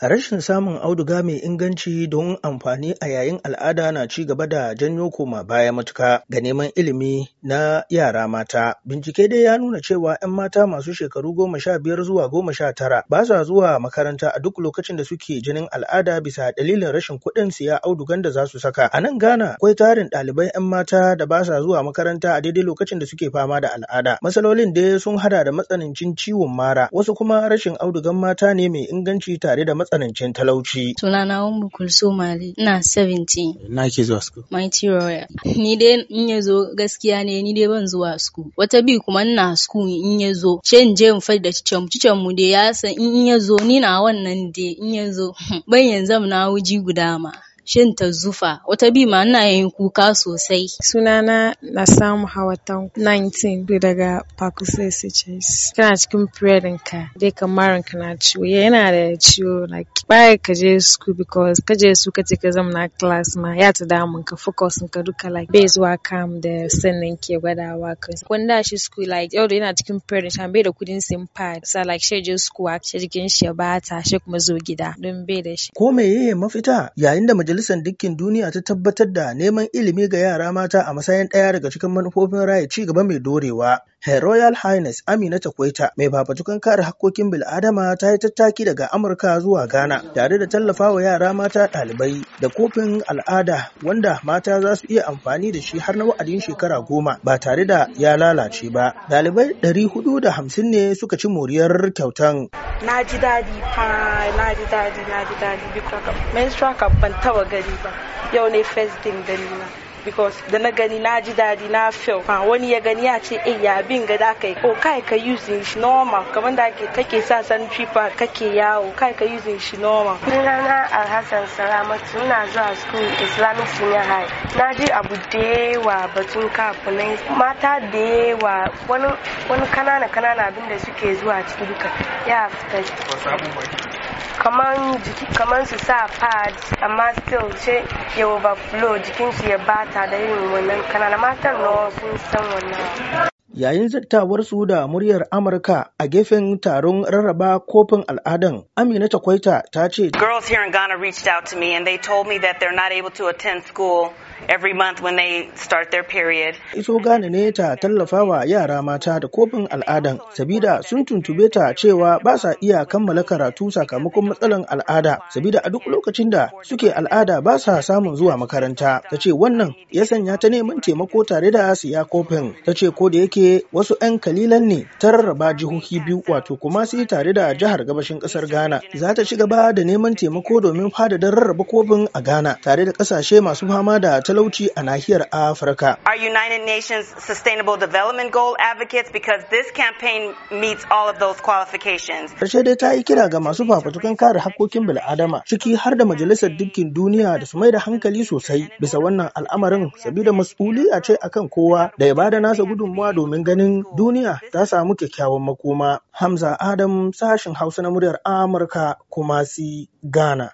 Rashin samun auduga mai inganci don amfani a yayin al'ada na ci gaba da janyo koma baya matuka ga neman ilimi na yara mata. Bincike dai ya nuna cewa 'yan mata masu shekaru goma sha biyar zuwa goma sha tara ba sa zuwa makaranta a duk lokacin da suke jinin al'ada bisa dalilin rashin kuɗin siya audugan da za su saka. A nan Ghana akwai tarin ɗalibai 'yan mata da ba sa zuwa makaranta a daidai lokacin da suke fama da al'ada. Matsalolin dai sun hada da matsanancin ciwon mara, wasu kuma rashin audugan mata ne mai inganci tare da matsanancin talauci. Sunana Umbu Mali, ina 17. Na ke zuwa school. Mighty Royal. Ni dai in ya zo gaskiya ne Eh, ni dai ban zuwa suku. wata bi kuma ina suku in ya zo ce in je in fadi da cican cican mu dai ya san in ya zo ni na wannan dai in ya zo ban yanzu na wuji guda ma shin ta zufa wata bi ma ina yin kuka sosai sunana na samu hawatan 19 daga Pakuse sitches kana cikin period ka dai kamar ka na ciwo eh, yana da ciwo like kibaye ka je school because ka je su ka ce ka zama na class ma ya ta damun ka focus ka duka like bai zuwa kam da sannan ke gwadawa ka da shi school like yau da yana cikin period shi bai da kudin sin pad sa like shi je school shi jikin shi ya bata shi kuma zo gida don bai da shi ko yayin mafita yayin da majalisa. Majalisar dukkin Duniya ta tabbatar da neman ilimi ga yara mata a matsayin ɗaya daga cikin manufofin raya ci gaba mai dorewa. Her Royal Highness Amina Takwaita mai fafatukan kare hakkokin bil'adama ta yi tattaki daga Amurka zuwa Ghana tare da tallafawa yara mata ɗalibai da kofin al'ada wanda mata za su iya amfani da shi har na wa'adin shekara goma ba tare da ya lalace ba. Ɗalibai ɗari hudu da hamsin ne suka ci moriyar kyautan. Na ji daɗi na ji daɗi, na ji daɗi, menstrual cup ban taɓa gari ba yau ne first din gani na because da na gani na ji daɗi na feel wani ya gani ya ce eh ya bin ga da kai ko oh, kai ka using shi normal kamar da ake kake sa san fifa kake yawo kai ka using shi normal sunana alhassan salamatu ina zuwa school islamic senior high na ji abu da yawa batun kafinai mata da yawa wani kanana kanana abin da suke zuwa ciki duka ya fita kaman kaman su sa pad amma still ce ya overflow jikinsu ya bata da yin wannan kanana matan nawa sun san wannan yayin zattawarsu da muryar Amurka a gefen taron rarraba kofin al'adan. Amina Takwaita ta ce, Girls here in Ghana reached out to me and they told me that they're not able to attend school every month when they start their period. Iso gane ne ta tallafa wa yara mata da kofin al'adan, sabida sun tuntube ta cewa ba sa iya kammala karatu sakamakon matsalan al'ada, sabida a duk lokacin da suke al'ada ba sa samun zuwa makaranta. Ta ce wannan ya sanya ta neman taimako tare da siya kofin. Ta ce ko da yake wasu 'yan kalilan ne ta rarraba jihohi biyu wato kuma sai tare da jihar gabashin kasar Ghana. Za ta ci gaba da neman taimako domin fadadar rarraba kofin a Ghana tare da kasashe masu fama da talauci a nahiyar Afirka. Our United Nations Sustainable Development Goal advocates because this campaign meets all of those qualifications. Karshe dai ta yi kira ga masu fafutukan kare hakkokin bil'adama ciki har da Majalisar Dukkin Duniya da su mai da hankali sosai bisa wannan al'amarin sabida mas'uliya ce akan kowa da ya bada nasa gudunmuwa domin ganin duniya ta samu kyakkyawan makoma. Hamza Adam sashin Hausa na muryar Amurka kuma si Ghana.